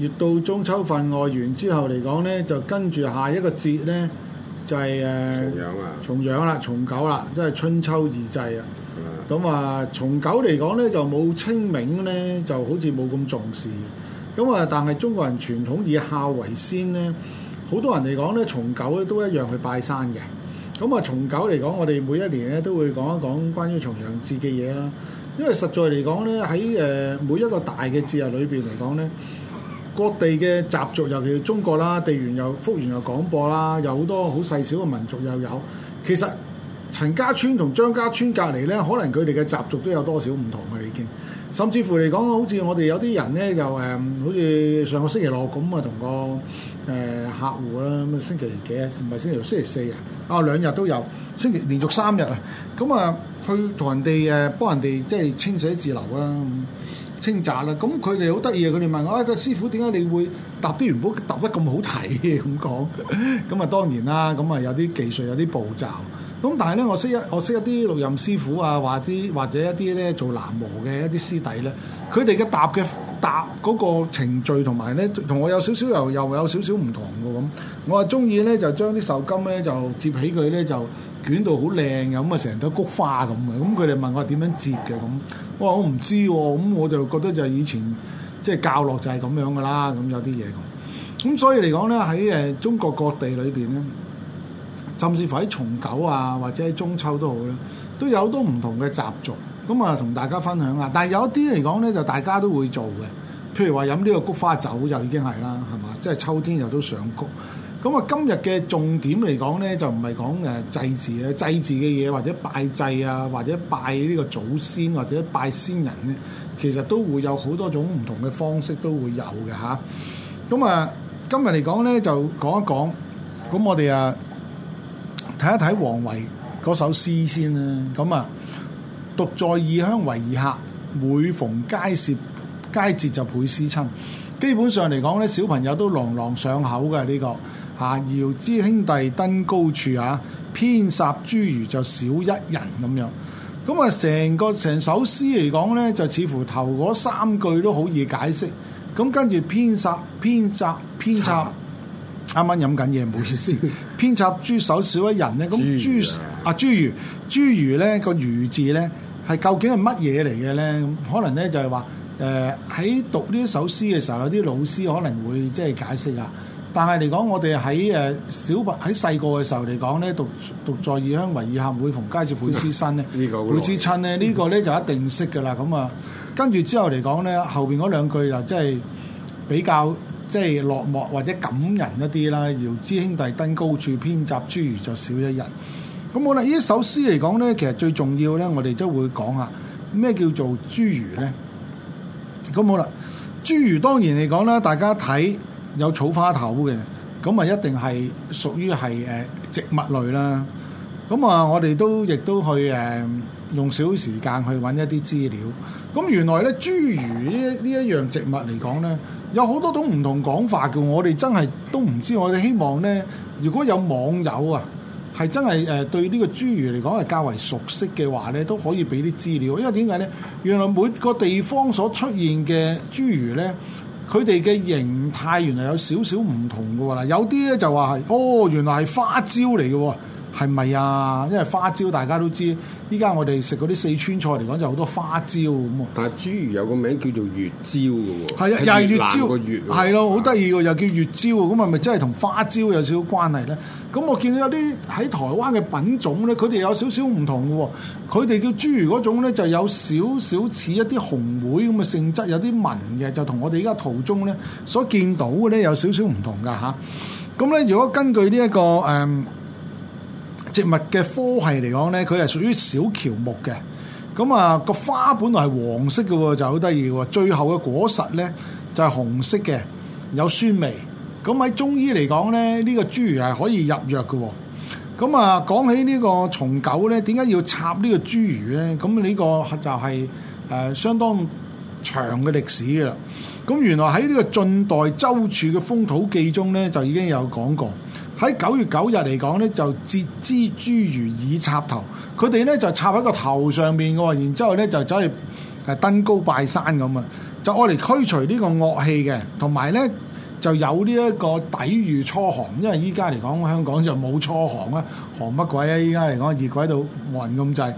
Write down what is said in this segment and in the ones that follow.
月到中秋分外圓之後嚟講呢就跟住下一個節呢，就係、誒、重陽啊，重陽啦，重九啦，即係春秋二祭啊。咁啊、嗯嗯，重九嚟講呢就冇清明呢，就，就好似冇咁重視。咁、嗯、啊，但係中國人傳統以孝為先呢，好多人嚟講呢重九都一樣去拜山嘅。咁、嗯、啊，重九嚟講，我哋每一年咧都會講一講關於重陽節嘅嘢啦。因為實在嚟講呢喺誒每一個大嘅節日裏邊嚟講呢。各地嘅習俗，尤其中國啦，地緣又、幅員又廣闊啦，有好多好細小嘅民族又有。其實陳家村同張家村隔籬呢，可能佢哋嘅習俗都有多少唔同嘅已經。甚至乎嚟講，好似我哋有啲人呢，就誒，好似上個星期六咁啊，同個誒、呃、客戶啦，咁星期幾啊？唔係星期六，星期四啊？啊、哦，兩日都有，星期連續三日啊。咁啊，去同人哋誒幫人哋即係清洗寫字樓啦。嗯。清扎啦，咁佢哋好得意啊！佢哋問我啊、哎，師傅點解你會搭啲元寶揼得咁好睇嘅？咁講，咁啊當然啦，咁啊有啲技術，有啲步驟。咁但係咧，我識一我識一啲六壬師傅啊，或啲或者一啲咧做喃嘸嘅一啲師弟咧，佢哋嘅搭嘅搭嗰個程序同埋咧同我有少少又又有少少唔同喎咁。我啊中意咧就將啲壽金咧就接起佢咧就。捲到好靚嘅，咁啊成朵菊花咁嘅，咁佢哋問我點樣折嘅？咁，我話我唔知喎，咁我就覺得就係以前即係、就是、教落就係咁樣噶啦，咁有啲嘢咁。咁所以嚟講咧，喺誒中國各地裏邊咧，甚至乎喺重九啊或者喺中秋都好咧，都有好多唔同嘅習俗，咁啊同大家分享啊。但係有一啲嚟講咧，就大家都會做嘅，譬如話飲呢個菊花酒就已經係啦，係嘛？即、就、係、是、秋天又都賞菊。咁啊，今日嘅重點嚟講咧，就唔係講誒祭祀啊、祭祀嘅嘢，或者拜祭啊，或者拜呢個祖先，或者拜先人咧，其實都會有好多種唔同嘅方式都會有嘅吓，咁啊，今日嚟講咧，就講一講。咁我哋啊，睇一睇王維嗰首詩先啦。咁啊，獨、嗯、在異鄉為異客，每逢佳節佳節就倍思親。基本上嚟講咧，小朋友都朗朗上口嘅呢、呢個嚇。啊《遙知兄弟登高處》啊，偏插茱萸就少一人咁樣。咁啊，成個成首詩嚟講咧，就似乎頭嗰三句都好易解釋。咁跟住偏插偏插偏插，啱啱飲緊嘢，唔好意思。 偏插茱手少一人咧，咁茱阿茱萸，茱萸咧個萸字咧，係究竟係乜嘢嚟嘅咧？可能咧就係、是、話。誒喺、呃、讀呢一首詩嘅時候，有啲老師可能會即係解釋啊。但係嚟講，我哋喺誒小朋喺細個嘅時候嚟講咧，讀讀在異鄉為異客，每逢佳節倍思親咧。 個很呢 個會思親咧，呢個咧就一定識㗎啦。咁啊，跟住之後嚟講咧，後邊嗰兩句又即係比較即係、就是、落寞或者感人一啲啦。遙知兄弟登高處，遍插茱萸就少一人。咁我咧呢一首詩嚟講咧，其實最重要咧，我哋都會講啊，咩叫做茱萸咧。咁好啦，茱萸當然嚟講咧，大家睇有草花頭嘅，咁啊一定係屬於係誒植物類啦。咁啊，我哋都亦都去誒、嗯、用少時間去揾一啲資料。咁原來咧，茱萸呢呢一樣植物嚟講咧，有好多種唔同講法嘅，我哋真係都唔知。我哋希望咧，如果有網友啊～係真係誒對呢個茱萸嚟講係較為熟悉嘅話呢，都可以俾啲資料。因為點解呢？原來每個地方所出現嘅茱萸呢，佢哋嘅形態原來有少少唔同嘅喎。有啲呢就話係哦，原來係花椒嚟嘅喎。係咪啊？因為花椒大家都知，依家我哋食嗰啲四川菜嚟講，就好多花椒咁、啊、但係茱萸有個名叫做月椒嘅喎，係啊，又係、啊、月椒，係咯、啊，好得意喎，又叫月椒喎。咁係咪真係同花椒有少少關係咧？咁我見到有啲喺台灣嘅品種咧，佢哋有少少唔同嘅喎、啊。佢哋叫茱萸嗰種咧，就有少少似一啲紅莓咁嘅性質，有啲紋嘅，就同我哋依家途中咧所見到嘅咧有少少唔同嘅吓、啊，咁咧，如果根據呢、這、一個誒？嗯植物嘅科系嚟講呢，佢係屬於小喬木嘅。咁啊，個花本來係黃色嘅喎，就好得意喎。最後嘅果實呢，就係紅色嘅，有酸味。咁喺中醫嚟講呢，呢個茱萸係可以入藥嘅。咁啊，講起呢個重九呢，點解要插呢個茱萸呢？咁呢個就係誒相當長嘅歷史嘅啦。咁原來喺呢個晉代周處嘅《風土記》中呢，就已經有講過。喺九月九日嚟講咧，就截枝茱萸以插頭，佢哋咧就插喺個頭上面嘅喎，然之後咧就走去誒登高拜山咁啊，就愛嚟驅除呢個惡氣嘅，同埋咧就有呢一個抵禦初寒，因為依家嚟講香港就冇初寒啊，寒乜鬼啊！依家嚟講熱鬼到暈咁滯，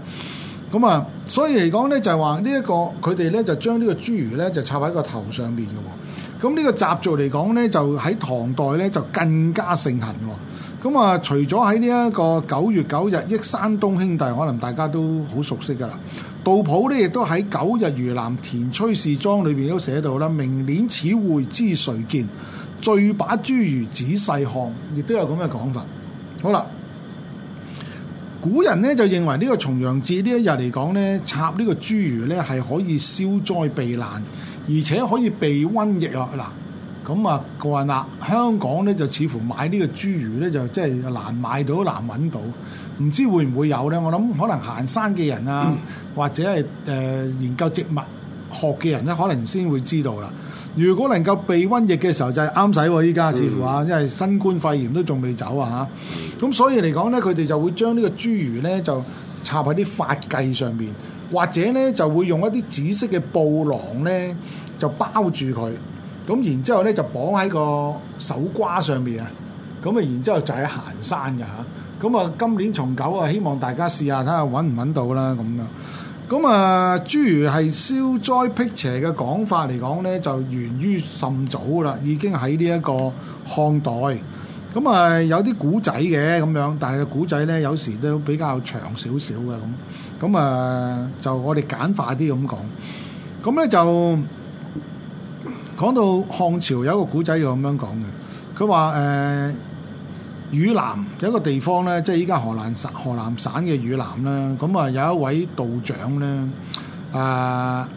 咁啊，所以嚟講咧就係話呢一個佢哋咧就將呢個茱萸咧就插喺個頭上邊嘅喎。咁呢個習俗嚟講呢就喺唐代呢就更加盛行喎。咁、哦、啊，除咗喺呢一個九月九日憶山東兄弟，可能大家都好熟悉噶啦。杜甫呢亦都喺《九日於南田崔氏莊》裏面都寫到啦：嗯、明年此會知誰見，醉把茱萸仔細看，亦都有咁嘅講法。好啦，古人呢就認為呢個重陽節呢一日嚟講呢插呢個茱萸呢係可以消災避難。而且可以避瘟疫啊！嗱，咁啊，嗰話，嗱，香港咧就似乎買個呢個茱萸咧就即係難買到難揾到，唔知會唔會有咧？我諗可能行山嘅人啊，嗯、或者係誒、呃、研究植物學嘅人咧、啊，可能先會知道啦。如果能夠避瘟疫嘅時候就係啱使喎，依家似乎啊，因為新冠肺炎都仲未走啊嚇，咁、啊、所以嚟講咧，佢哋就會將呢個茱萸咧就插喺啲髮髻上面。或者咧就會用一啲紫色嘅布囊咧就包住佢，咁然之後咧就綁喺個手瓜上面啊，咁啊然之後就喺行山嘅嚇，咁啊今年重九，啊希望大家試下睇下揾唔揾到啦咁樣，咁啊諸如係消災辟邪嘅講法嚟講咧，就源於甚早啦，已經喺呢一個漢代，咁啊有啲古仔嘅咁樣，但係古仔咧有時都比較長少少嘅咁。咁啊、嗯，就我哋簡化啲咁講，咁、嗯、咧就講到漢朝有一個古仔要咁樣講嘅。佢話誒汝南有一個地方咧，即係依家河南省，河南省嘅汝南啦。咁、嗯、啊有一位道長咧，誒、呃、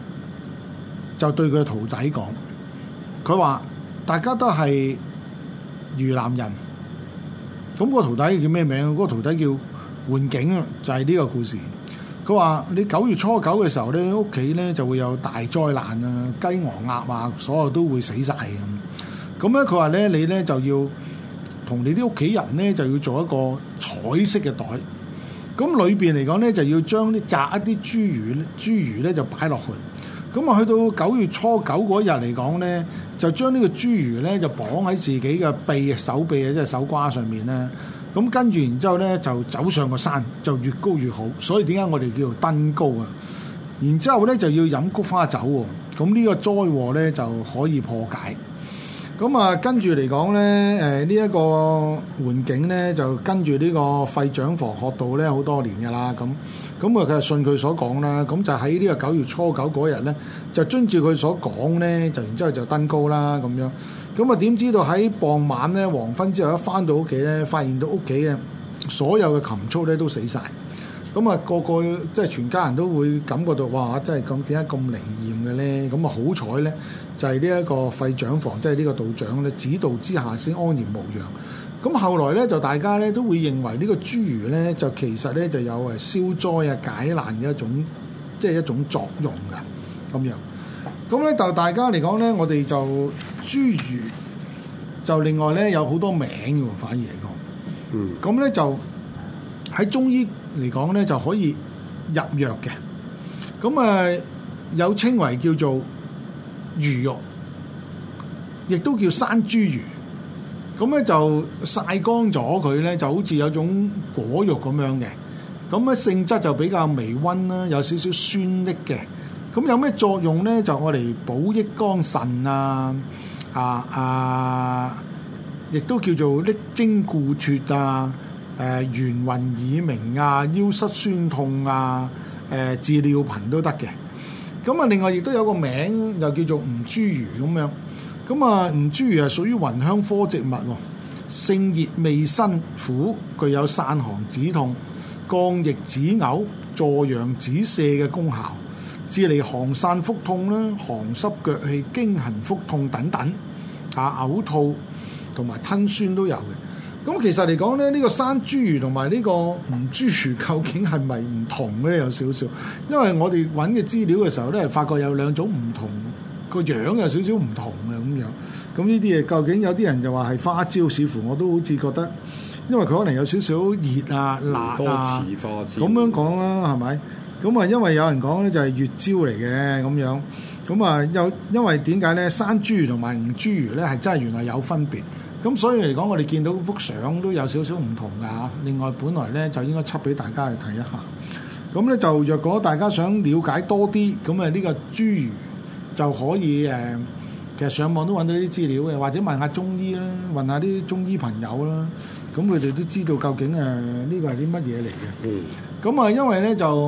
就對佢徒弟講，佢話大家都係汝南人，咁、那個徒弟叫咩名？嗰、那個徒弟叫桓景就係、是、呢個故事。佢話：你九月初九嘅時候咧，屋企咧就會有大災難啊！雞鵝鴨啊，所有都會死晒嘅。咁、嗯、咧，佢話咧，你咧就要同你啲屋企人咧就要做一個彩色嘅袋。咁裏邊嚟講咧，就要將啲紮一啲茱萸，茱萸咧就擺落去。咁、嗯、啊，去到九月初九嗰日嚟講咧，就將呢個茱萸咧就綁喺自己嘅臂、手臂啊，即係手瓜上面咧。咁跟住然之後咧，就走上個山，就越高越好。所以點解我哋叫做登高啊？然之後咧就要飲菊花酒喎。咁、這、呢個災禍咧就可以破解。咁啊，跟住嚟講咧，誒呢一個環境咧，就跟住呢個費長房學道咧，好多年噶啦咁。咁啊，佢係信佢所講啦。咁就喺呢個九月初九嗰日咧，就遵照佢所講咧，就然之後就登高啦咁樣。咁啊，點知道喺傍晚咧、黃昏之後一翻到屋企咧，發現到屋企嘅所有嘅禽畜咧都死晒。咁啊，個個即係、就是、全家人都會感覺到，哇！真係咁點解咁靈驗嘅咧？咁啊，好彩咧，就係呢一個費長房即係呢個道長咧指導之下先安然無恙。咁後來咧，就大家咧都會認為呢個茱萸咧，就其實咧就有誒消災啊解難嘅一種，即、就、係、是、一種作用噶咁樣。咁咧就大家嚟講咧，我哋就茱萸就另外咧有好多名嘅喎，反而嚟講，咁咧、嗯、就喺中醫嚟講咧就可以入藥嘅。咁誒有稱為叫做魚肉，亦都叫山茱萸。咁咧就曬乾咗佢咧，就好似有種果肉咁樣嘅。咁、那、咧、個、性質就比較微温啦，有少少酸益嘅。咁、那個、有咩作用咧？就我嚟補益肝腎啊，啊啊，亦都叫做瀝精固脱啊，誒、呃，眩暈耳鳴啊，腰膝酸痛啊，誒、呃，治尿頻都得嘅。咁啊，另外亦都有個名，又叫做吳茱萸咁樣。咁啊，吳茱萸係屬於芸香科植物，性熱味辛苦，具有散寒止痛、降逆止嘔、助陽止瀉嘅功效，治理寒散腹痛啦、寒濕腳氣、經行腹痛等等，啊，嘔吐同埋吞酸都有嘅。咁其實嚟講咧，呢個山茱萸同埋呢個吳茱萸究竟係咪唔同咧？有少少，因為我哋揾嘅資料嘅時候咧，發覺有兩種唔同。個樣有少少唔同嘅咁樣，咁呢啲嘢究竟有啲人就話係花椒，似乎我都好似覺得，因為佢可能有少少熱啊、辣啊，似花椒，咁樣講啦，啊，係咪？咁啊，因為有人講咧就係月椒嚟嘅咁樣，咁啊又因為點解咧？山茱萸同埋吳茱萸咧係真係原來有分別，咁所以嚟講，我哋見到幅相都有少少唔同㗎。另外，本來咧就應該輯俾大家去睇一下，咁咧就若果大家想了解多啲，咁啊呢個茱萸，就可以誒，其實上網都揾到啲資料嘅，或者問下中醫啦，問下啲中醫朋友啦，咁佢哋都知道究竟誒呢個係啲乜嘢嚟嘅。咁啊、嗯，因為咧就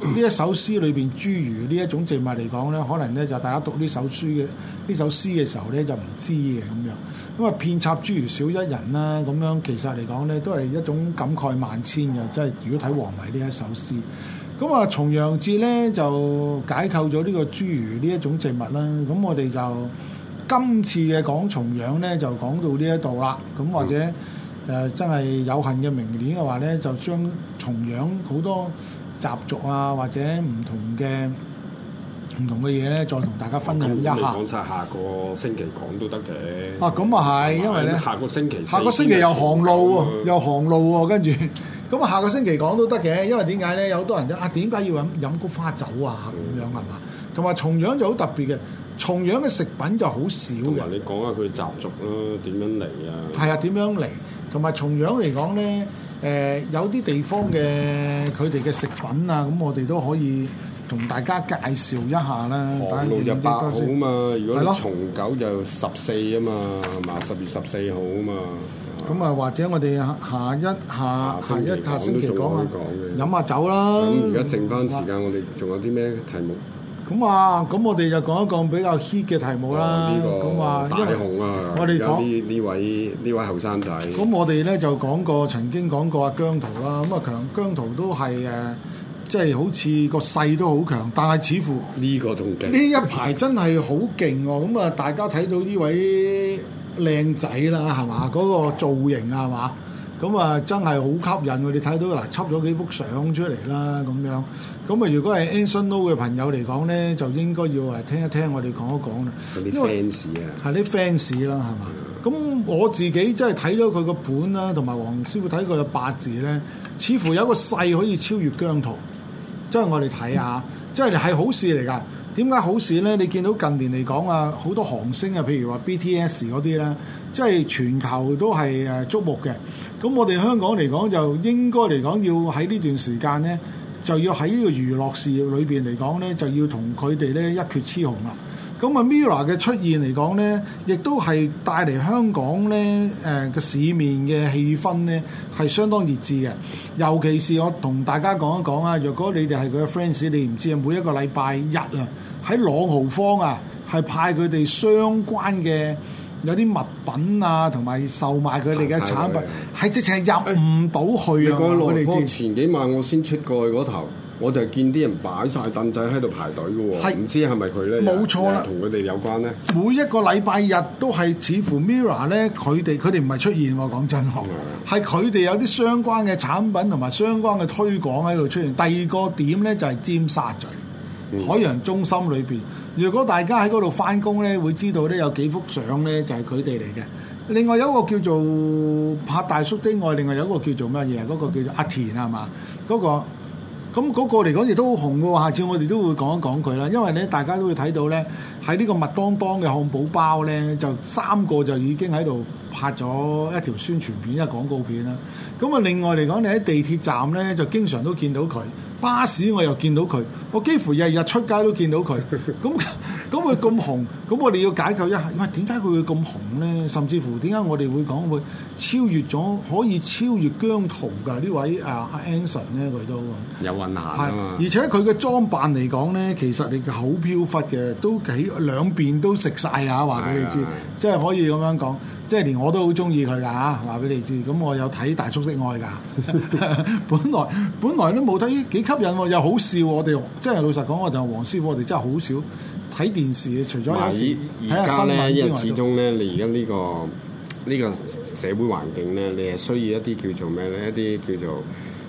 呢一首詩裏邊茱萸呢一種植物嚟講咧，可能咧就大家讀呢首書嘅呢首詩嘅時候咧就唔知嘅咁樣。因為遍插茱萸少一人啦，咁樣其實嚟講咧都係一種感慨萬千嘅，即係如果睇王維呢一首詩。咁啊，重陽節咧就解構咗呢個茱萸呢一種植物啦。咁我哋就今次嘅講重陽咧，就講到呢一度啦。咁或者誒、嗯呃、真係有幸嘅明年嘅話咧，就將重陽好多習俗啊，或者唔同嘅唔同嘅嘢咧，再同大家分享一下。哦、講晒下個星期講都得嘅。啊，咁啊係，嗯、因為咧下個星期，下個星期又航路喎、啊，又航、啊、路喎、啊，跟住。咁啊，下個星期講都得嘅，因為點解咧？有好多人都：「啊，點解要飲飲菊花酒啊？」咁樣係嘛？同埋重陽就好特別嘅，重陽嘅食品就好少嘅。你講下佢習俗咯，點樣嚟啊？係啊，點樣嚟？同埋重陽嚟講咧，誒、呃、有啲地方嘅佢哋嘅食品啊，咁我哋都可以同大家介紹一下啦。八號嘛，如果重九就十四啊嘛，係嘛咯？十月十四號啊嘛。咁啊、嗯，或者我哋下一下下一下星期，下星期講啊，飲、嗯、下酒啦。咁而家剩翻時間，嗯、我哋仲有啲咩題目？咁啊、嗯，咁、嗯、我哋就講一講比較 hit 嘅題目啦。咁啊、嗯，這個、大紅啊，因為呢呢位呢位後生仔。咁、嗯、我哋咧就講過曾經講過阿姜濤啦。咁啊，強姜濤都係誒，即係好似個勢都好強，但係似乎呢個仲勁。呢一排真係好勁喎！咁啊、嗯，這個、大家睇到呢位。靚仔啦，係嘛？嗰、嗰個造型啊，係嘛？咁啊，真係好吸引。你睇到嗱，輯咗幾幅相出嚟啦，咁樣。咁啊，如果係 Anson Lo 嘅朋友嚟講咧，就應該要係聽一聽我哋講一講啦。因為 fans 啊，係啲 fans 啦，係嘛？咁我自己真係睇咗佢個本啦，同埋黃師傅睇佢嘅八字咧，似乎有一個勢可以超越姜濤。即、就、係、是、我哋睇下，即係係好事嚟㗎。點解好事呢？你見到近年嚟講啊，好多韓星啊，譬如話 BTS 嗰啲咧，即係全球都係誒矚目嘅。咁我哋香港嚟講，就應該嚟講要喺呢段時間呢，就要喺呢個娛樂事業裏邊嚟講呢，就要同佢哋呢一決雌雄啦。咁啊，Mirror 嘅出現嚟講咧，亦都係帶嚟香港咧誒個市面嘅氣氛咧係相當熱熾嘅。尤其是我同大家講一講啊，若果你哋係佢嘅 fans，你唔知啊，每一個禮拜日啊，喺朗豪坊啊，係派佢哋相關嘅有啲物品啊，同埋售賣佢哋嘅產品，係直情入唔到去啊、欸！我哋樣知前幾晚我先出過去嗰頭。我就係見啲人擺晒凳仔喺度排隊嘅喎、哦，唔是知係咪佢咧？冇錯啦，同佢哋有關咧。每一個禮拜日都係似乎 Mirror 咧，佢哋佢哋唔係出現喎。講真，係佢哋有啲相關嘅產品同埋相關嘅推廣喺度出現。第二個點咧就係尖沙咀、嗯、海洋中心裏邊，如果大家喺嗰度翻工咧，會知道咧有幾幅相咧就係佢哋嚟嘅。另外有一個叫做拍大叔的愛，外另外有一個叫做乜嘢？嗰、那個叫做阿田啊嘛，嗰、那個。咁嗰個嚟講亦都好紅嘅喎，下次我哋都會講一講佢啦。因為咧，大家都會睇到咧，喺呢個麥當當嘅漢堡包咧，就三個就已經喺度。拍咗一條宣傳片、一個廣告片啦。咁啊，另外嚟講，你喺地鐵站咧就經常都見到佢，巴士我又見到佢，我幾乎日日出街都見到佢。咁咁佢咁紅，咁我哋要解救一下，喂，點解佢會咁紅咧？甚至乎點解我哋會講會超越咗可以超越姜濤嘅呢位啊阿 Anson 咧，佢都有運下。啊，啊，啊而且佢嘅裝扮嚟講咧，其實佢好飄忽嘅，都幾兩邊都食晒下，話俾你知，哎呀哎即係可以咁樣講。即係連我都好中意佢㗎嚇，話俾你知。咁我有睇《大叔的愛》㗎， 本來本來都冇睇，幾吸引又好笑。我哋即係老實講，我就黃師傅，我哋真係好少睇電視，除咗睇下新聞呢，始終咧，你而家呢個呢、呢個社會環境咧，你係需要一啲叫做咩咧？一啲叫做誒、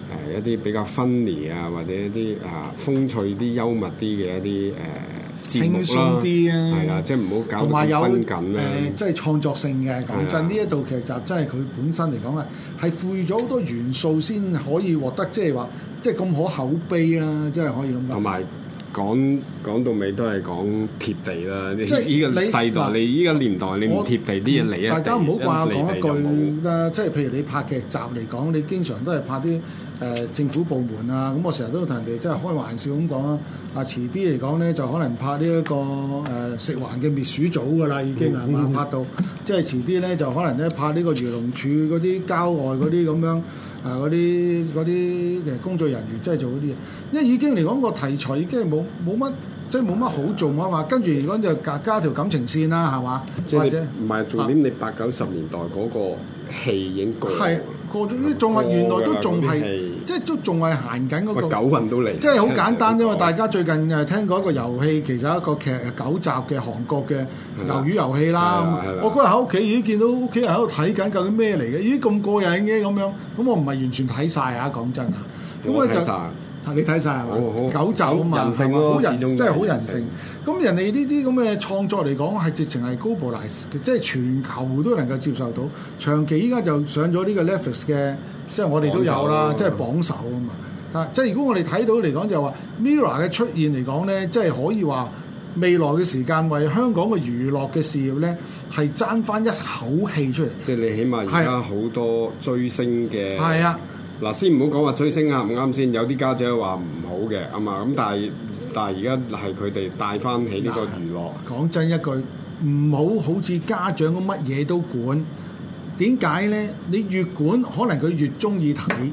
呃、一啲比較分離啊，或者一啲啊、呃、風趣啲、幽默啲嘅一啲誒。呃輕鬆啲啊！係啊，即係唔好搞到拘謹啊、呃！即係創作性嘅。講真，呢一套劇集真係佢本身嚟講啊，係賦予咗好多元素先可以獲得，就是、即係話即係咁好口碑啊！即、就、係、是、可以咁。同埋講講到尾都係講貼地啦。即係呢個世代，你呢個年代，你唔貼地啲嘢嚟啊！我大家唔好怪我講一句啦。即係譬如你拍劇集嚟講，你經常都係拍啲。誒、呃、政府部門啊，咁、嗯、我成日都同人哋即係開玩笑咁講啊！遲啲嚟講咧，就可能拍呢、這、一個誒、呃、食環嘅滅鼠組㗎喇，已經係嘛、嗯、拍到，即係遲啲咧就可能咧拍呢個漁農署嗰啲郊外嗰啲咁樣啊嗰啲嗰啲嘅工作人員，真係做嗰啲嘢，因為已經嚟講個題材已經冇冇乜，即係冇乜好做啊嘛！跟住如果就加加條感情線啦，係嘛？或者唔係重點，你八九十年代嗰個戲已經個啲動物原來都仲係，即係都仲係行緊嗰個。九運都嚟即係好簡單啫嘛！是大家最近誒聽過一個遊戲，其實一個劇九集嘅韓國嘅《魷魚遊戲》啦的。麼我嗰日喺屋企已經見到屋企人喺度睇緊，究竟咩嚟嘅？咦，咁過癮嘅咁樣，咁我唔係完全睇晒啊！講真啊，咁我，我就，我你睇晒係嘛？狗走啊嘛，係嘛人？好人性，真係好人性。咁人哋呢啲咁嘅創作嚟講，係直情係 globalised 嘅，即係全球都能夠接受到。長期依家就上咗呢個 Netflix 嘅，即係我哋都有啦，即係榜首啊嘛。啊！即係如果我哋睇到嚟講，就話 mirror 嘅出現嚟講咧，即係可以話未來嘅時間為香港嘅娛樂嘅事業咧，係爭翻一口氣出嚟。即係你起碼而家好多追星嘅。係啊。嗱，先唔好講話追星啊，唔啱先。有啲家長話唔好嘅，咁啊咁，但係但係而家係佢哋帶翻起呢個娛樂。講真一句，唔好好似家長咁乜嘢都管。點解咧？你越管，可能佢越中意睇。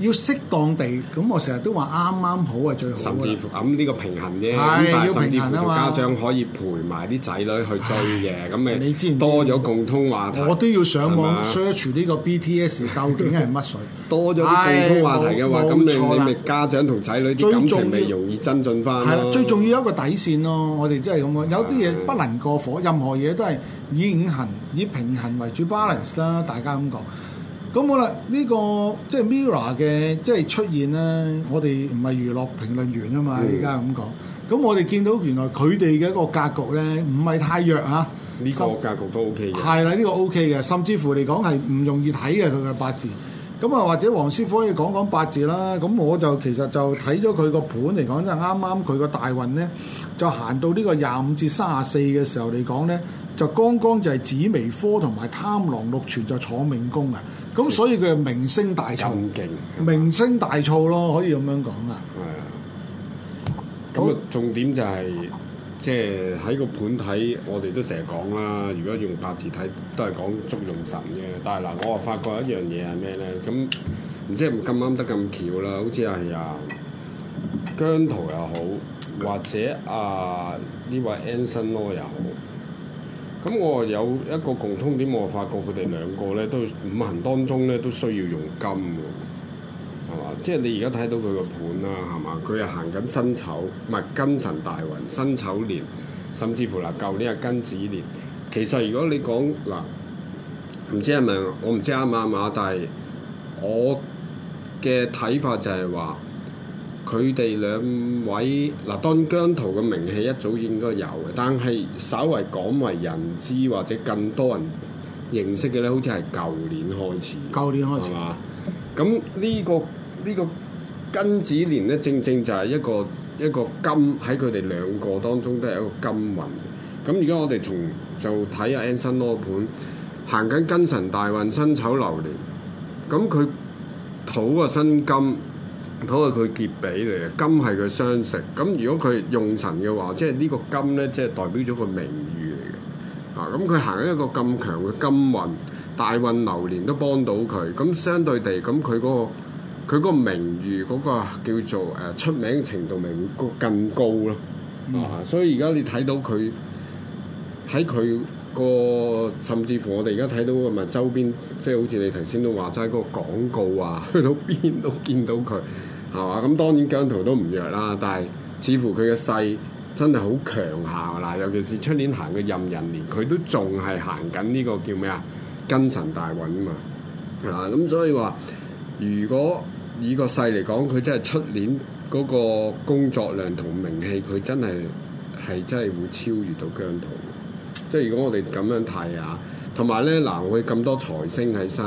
要適當地，咁我成日都話啱啱好係最好。甚至乎咁呢個平衡啫，咁甚至乎家長可以陪埋啲仔女去追嘅，咁咪多咗共通話題。我都要上網 search 呢個 BTS 究竟係乜水？多咗啲共通話題嘅話，咁你你咪家長同仔女啲感情咪容易增進翻。係啦，最重要有一個底線咯，我哋真係咁講。有啲嘢不能過火，任何嘢都係以五行，以平衡為主，balance 啦，大家咁講。咁好啦，呢個即係 Mirror 嘅即係出現咧，我哋唔係娛樂評論員啊嘛，而家咁講。咁我哋見到原來佢哋嘅一個格局咧，唔係太弱啊。呢個格局都 O K 嘅。係啦，呢個 O K 嘅，甚至乎嚟講係唔容易睇嘅佢嘅八字。咁啊，或者黃師傅可以講講八字啦。咁我就其實就睇咗佢個盤嚟講，就啱啱佢個大運咧，就行到呢個廿五至卅四嘅時候嚟講咧。就剛剛就係紫微科同埋貪狼六傳就坐命宮啊！咁是所以佢啊名聲大噪，名聲大噪咯，可以咁樣講啊！係啊！咁啊重點就係即係喺個盤睇，我哋都成日講啦。如果用八字睇，都係講捉用神啫。但係嗱，我啊發覺一樣嘢係咩咧？咁唔知係唔咁啱得咁巧啦，好似係啊姜濤又好，或者啊呢位 Anson Lo 又好。咁、嗯、我有一個共通點，我發覺佢哋兩個咧都五行當中咧都需要用金喎，係嘛？即係你而家睇到佢個盤啦、啊，係嘛？佢係行緊辛丑，唔係金神大運辛丑年，甚至乎嗱舊年係庚子年。其實如果你講嗱，唔知係咪，我唔知啱唔啱，但係我嘅睇法就係話。佢哋兩位嗱，當姜濤嘅名氣一早應該有嘅，但係稍為廣為人知或者更多人認識嘅咧，好似係舊年開始。舊年開始，係嘛？咁呢個呢、呢個庚子年咧，正正就係一個一個金喺佢哋兩個當中都係一個金運。咁而家我哋從就睇下 Anson Lo 盤行緊庚申大運辛丑流年，咁佢土啊生金。睇下佢結比嚟嘅金係佢相食，咁如果佢用神嘅話，即係呢個金咧，即係代表咗個名譽嚟嘅。啊，咁佢行一個咁強嘅金運，大運流年都幫到佢，咁相對地，咁佢嗰個佢嗰個名譽嗰、嗰個叫做誒出名程度咪會更高咯。啊，所以而家你睇到佢喺佢。個甚至乎我哋而家睇到咁咪周邊即係好似你頭先都話齋嗰個廣告啊，去到邊都見到佢，係嘛？咁當然姜濤都唔弱啦，但係似乎佢嘅勢真係好強下嗱，尤其是出年行嘅壬寅年，佢都仲係行緊呢個叫咩啊？庚申大運啊嘛，啊咁所以話，如果以個勢嚟講，佢真係出年嗰個工作量同名氣，佢真係係真係會超越到姜濤。即係如果我哋咁樣睇啊，同埋咧嗱，我咁多財星喺身，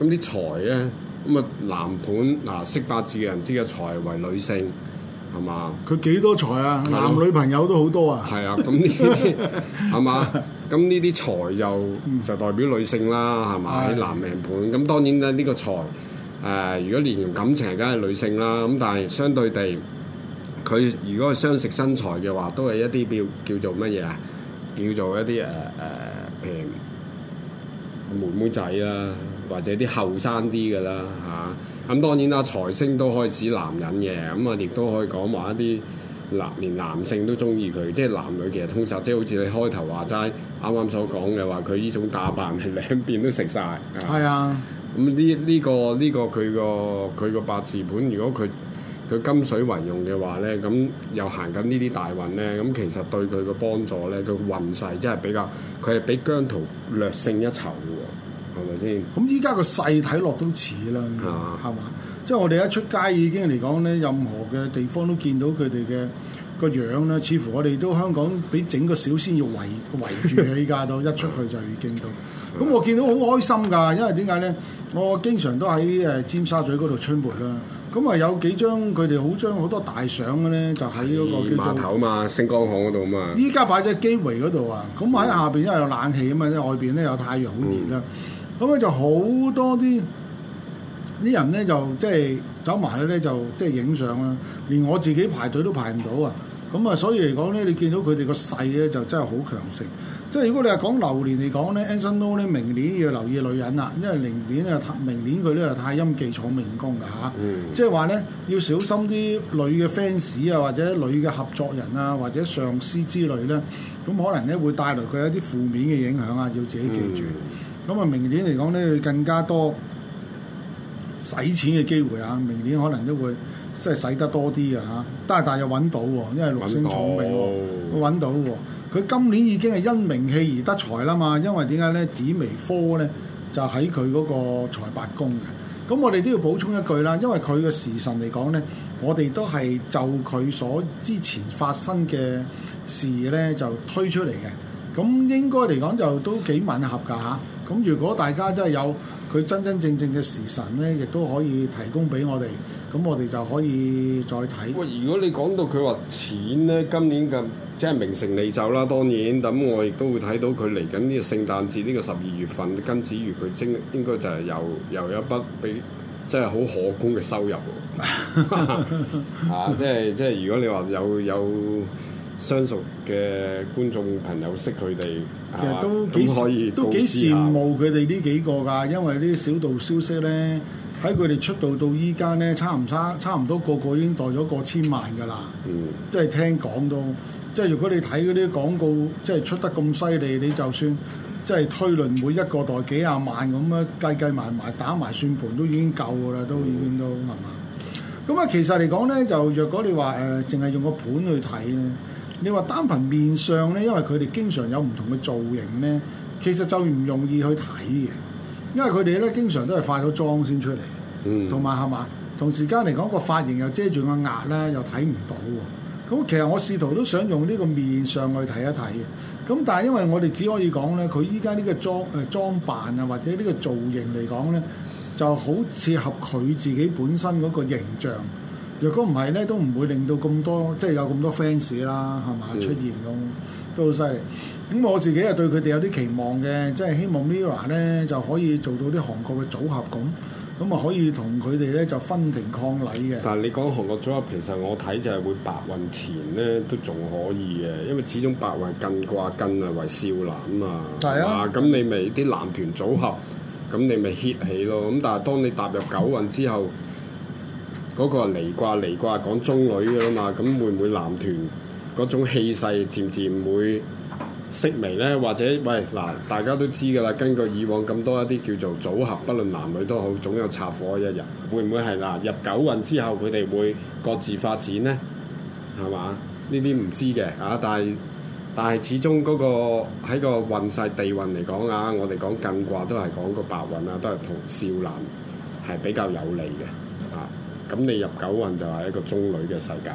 咁啲財咧咁，啊男盤嗱識八字嘅人知嘅財為女性係嘛？佢幾多財啊？吧男女朋友都好多啊？係啊，咁呢啲係嘛？咁呢啲財就就代表女性啦，係嘛？啊、男命盤咁，當然咧呢、這個財誒、呃，如果連用感情，梗係女性啦。咁但係相對地，佢如果係相食生財嘅話，都係一啲叫叫做乜嘢啊？叫做一啲誒誒，譬如、呃呃、妹妹仔啦，或者啲後生啲嘅啦嚇。咁、啊啊、當然啦、啊，財星都可以指男人嘅，咁我亦都可以講話一啲男，連男性都中意佢，即係男女其實通殺。即係好似你開頭話齋啱啱所講嘅，話佢呢種打扮係兩邊都食晒。係啊，咁呢呢個呢、呢個佢個佢個八字盤，如果佢。佢金水為用嘅話咧，咁又行緊呢啲大運咧，咁其實對佢嘅幫助咧，佢運勢真係比較，佢係比姜濤略勝一籌嘅喎，係咪先？咁依家個勢睇落都似啦，係嘛、啊？即係、就是、我哋一出街已經嚟講咧，任何嘅地方都見到佢哋嘅個樣啦。似乎我哋都香港俾整個小鮮肉圍圍住喺依家都，一出去就已經到。咁、啊、我見到好開心㗎，因為點解咧？我經常都喺誒尖沙咀嗰度吹噚啦。咁啊，有幾張佢哋好張好多大相嘅咧，就喺嗰、那個叫做碼頭啊嘛，星光行嗰度啊嘛。依家擺咗喺 Gateway 嗰度啊，咁喺、嗯、下邊因為有冷氣啊嘛，即係外邊咧有太陽好熱啦、啊，咁咧、嗯、就好多啲啲人咧就即係走埋去咧就即係影相啦，連我自己排隊都排唔到啊！咁啊，所以嚟講咧，你見到佢哋個勢咧就真係好強盛。即係如果你係講流年嚟講咧 Anson Lo 咧明年要留意女人啦，因為明年啊，明年佢都係太陰忌坐命宮嘅嚇，即係話咧要小心啲女嘅 fans 啊，或者女嘅合作人啊，或者上司之類咧，咁可能咧會帶來佢一啲負面嘅影響啊，要自己記住。咁啊、嗯，明年嚟講咧，更加多使錢嘅機會啊，明年可能都會即係使得多啲嘅嚇，但係但係又揾到喎，因為六星坐命喎，揾到喎。佢今年已經係因名氣而得財啦嘛，因為點解咧？紫微科咧就喺佢嗰個財帛宮嘅。咁我哋都要補充一句啦，因為佢嘅時辰嚟講咧，我哋都係就佢所之前發生嘅事咧就推出嚟嘅。咁應該嚟講就都幾吻合㗎嚇、啊。咁如果大家真係有佢真真正正嘅時辰呢，亦都可以提供俾我哋，咁我哋就可以再睇。喂，如果你講到佢話錢呢，今年嘅即係名成利就啦，當然，咁我亦都會睇到佢嚟緊呢個聖誕節呢個十二月份，跟子瑜佢正應該就係又有，有一筆比即係好可觀嘅收入喎。 啊，即係即係如果你話有有。有相熟嘅觀眾朋友識佢哋，其實都幾可以，都幾羨慕佢哋呢幾個㗎。因為啲小道消息咧，喺佢哋出道到依家咧，差唔差，差唔多個個已經代咗過千萬㗎啦、嗯。即係聽講到，即係如果你睇嗰啲廣告，即係出得咁犀利，你就算即係推論每一個代幾廿萬咁樣，計計埋埋打埋算盤都已經夠㗎啦，嗯、都已經都麻麻。咁啊、嗯嗯，其實嚟講咧，就若果你話誒，淨、呃、係用個盤去睇咧。你話單憑面相咧，因為佢哋經常有唔同嘅造型咧，其實就唔容易去睇嘅。因為佢哋咧經常都係化咗妝先出嚟，同埋係嘛，同時間嚟講個髮型又遮住個額啦，又睇唔到。咁其實我試圖都想用呢個面相去睇一睇嘅。咁但係因為我哋只可以講咧，佢依家呢個裝誒裝扮啊，或者呢個造型嚟講咧，就好切合佢自己本身嗰個形象。若果唔係咧，都唔會令到咁多，即係有咁多 fans 啦，係嘛、嗯、出現咯，都好犀利。咁我自己又對佢哋有啲期望嘅，即係希望 Mirror 咧就可以做到啲韓國嘅組合咁，咁啊可以同佢哋咧就分庭抗禮嘅。但係你講韓國組合，其實我睇就係會八運前咧都仲可以嘅，因為始終八運艮卦艮啊，為少男啊，係啊，咁吧的你咪啲男團組合，咁你咪 hit 起咯。咁但係當你踏入九運之後。嗰個離卦，離卦講中女嘅啦嘛，咁會唔會男團嗰種氣勢漸漸唔會熄微咧？或者喂嗱，大家都知㗎啦，根據以往咁多一啲叫做組合，不論男女都好，總有拆夥一日。會唔會係嗱入九運之後佢哋會各自發展咧？係嘛？呢啲唔知嘅啊，但係但係始終嗰個喺個運勢地運嚟講啊，我哋講艮卦都係講個白運啊，都係同少男係比較有利嘅。咁你入九運就係一個中女嘅世界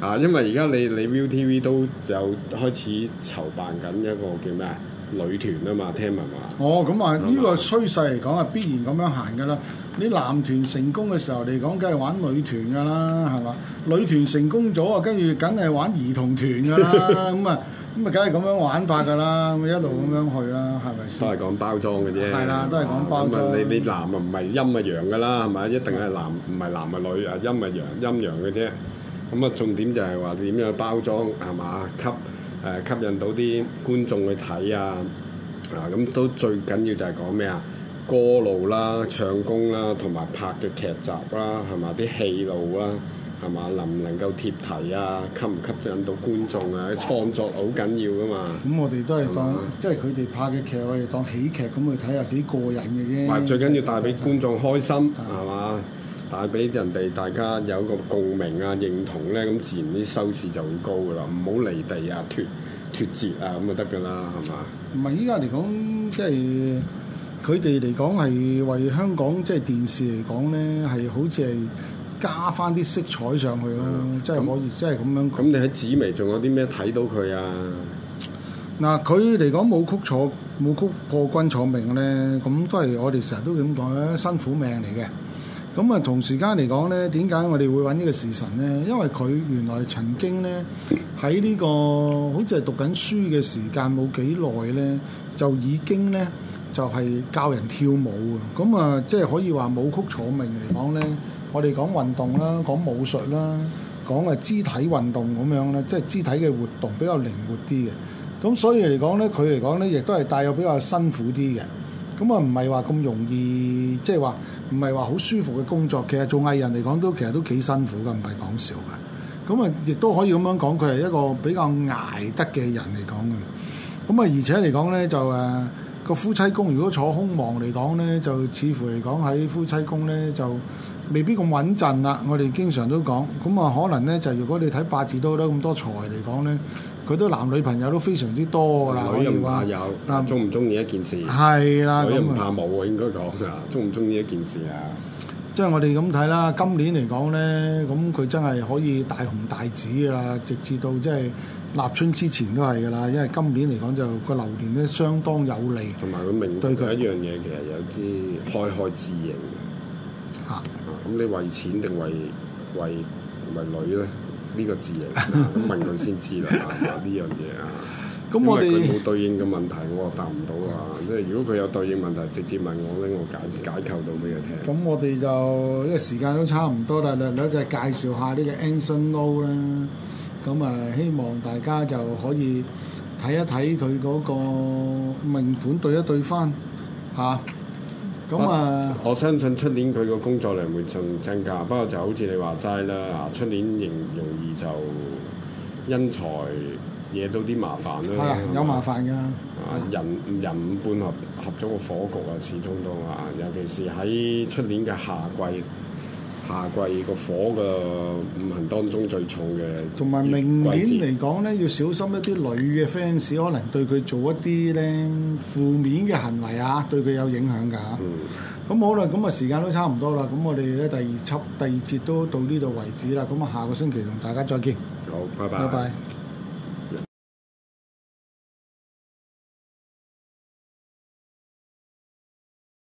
啊！ 因為而家你你 Viu TV 都有開始籌辦緊一個叫咩女團啊嘛，聽聞話。哦，咁、嗯、啊，呢吧個趨勢嚟講啊，必然咁樣行噶啦。你男團成功嘅時候嚟講，梗係玩女團噶啦，係嘛？女團成功咗啊，跟住梗係玩兒童團噶啦，咁啊、 嗯。咁啊，梗係咁樣玩法㗎啦，咁一路咁樣去啦，係咪先？都係講包裝嘅啫。係啦，都係講包裝。啊、你你男啊唔係陰啊陽㗎啦，係咪？一定係男唔係男啊女啊陰啊陽陰陽嘅啫。咁、嗯、啊，重點就係話點樣包裝係嘛？吸誒、呃、吸引到啲觀眾去睇啊啊！咁、啊、都最緊要就係講咩啊？歌路啦、唱功啦，同埋拍嘅劇集啦，係咪？啲戲路啦。係嘛？能唔能夠貼題啊？吸唔吸引到觀眾啊？哇創作好緊要噶嘛。咁、嗯、我哋都係當，吧即係佢哋拍嘅劇，我哋當喜劇咁去睇下，幾過癮嘅啫。最緊要帶俾觀眾開心，係嘛？帶俾人哋大家有一個共鳴啊、認同咧，咁自然啲收視就會高噶啦。唔好離地啊、脫脫節啊，咁就得㗎啦，係嘛？唔係依家嚟講，即係佢哋嚟講係為香港即係電視嚟講咧，係好似係。加翻啲色彩上去咯，嗯、即係可以，那即係咁樣。咁你喺紫微仲有啲咩睇到佢啊？嗱，佢嚟講武曲坐」、「武曲破軍坐命咧，咁都係我哋成日都咁講嘅辛苦命嚟嘅。咁啊，同時間嚟講咧，點解我哋會揾呢個時辰咧？因為佢原來曾經咧喺、這個、呢個好似係讀緊書嘅時間冇幾耐咧，就已經咧就係教人跳舞啊！咁啊，即係可以話武曲坐命嚟講咧。我哋講運動啦，講武術啦，講誒肢體運動咁樣啦，即係肢體嘅活動比較靈活啲嘅。咁所以嚟講咧，佢嚟講咧，亦都係帶有比較辛苦啲嘅。咁啊，唔係話咁容易，即係話唔係話好舒服嘅工作。其實做藝人嚟講，都其實都幾辛苦㗎，唔係講笑㗎。咁啊，亦都可以咁樣講，佢係一個比較捱得嘅人嚟講嘅。咁啊，而且嚟講咧，就誒。個夫妻宮如果坐空亡嚟講咧，就似乎嚟講喺夫妻宮咧就未必咁穩陣啦。我哋經常都講，咁啊可能咧就如果你睇八字都得咁多財嚟講咧，佢都男女朋友都非常之多啦。可以話，有，但中唔中意一件事？係啦，咁啊。我恐怕冇喎，應該講啊，中唔中意一件事啊？即係我哋咁睇啦，今年嚟講咧，咁佢真係可以大紅大紫嘅啦，直至到即係。立春之前都係噶啦，因為今年嚟講就個流年咧相當有利，同埋佢明對佢他 一樣嘢，其實有啲開開自刑吓咁你為錢定為為為女咧？呢、這個自刑，咁 問佢先知啦。呢樣嘢啊，咁我哋冇對應嘅問題，我啊答唔到啊。即係、嗯、如果佢有對應問題，直接問我咧，我解解構到俾佢聽。咁我哋就因為時間都差唔多啦，兩兩隻介紹下呢個 Anson Lo 啦。咁啊，希望大家就可以睇一睇佢嗰個命盤對一對翻吓。咁啊,啊,啊，我相信出年佢個工作量會盡增加。不過就好似你話齋啦，啊出年仍容易就因財惹到啲麻煩啦。係啊，有麻煩㗎。啊，寅午半合合咗個火局啊，始終都啊，尤其是喺出年嘅夏季。夏季個火嘅五行當中最重嘅，同埋明年嚟講咧，要小心一啲女嘅 fans 可能對佢做一啲咧負面嘅行為啊，對佢有影響㗎，啊。嗯，咁好啦，咁啊時間都差唔多啦，咁我哋咧第二輯第二節都到呢度為止啦，咁啊下個星期同大家再見。好，拜拜。拜拜。